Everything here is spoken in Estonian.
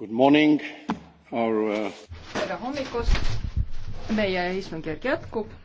Good morning, our uh, tere hommikust, meie istungjärk jätkub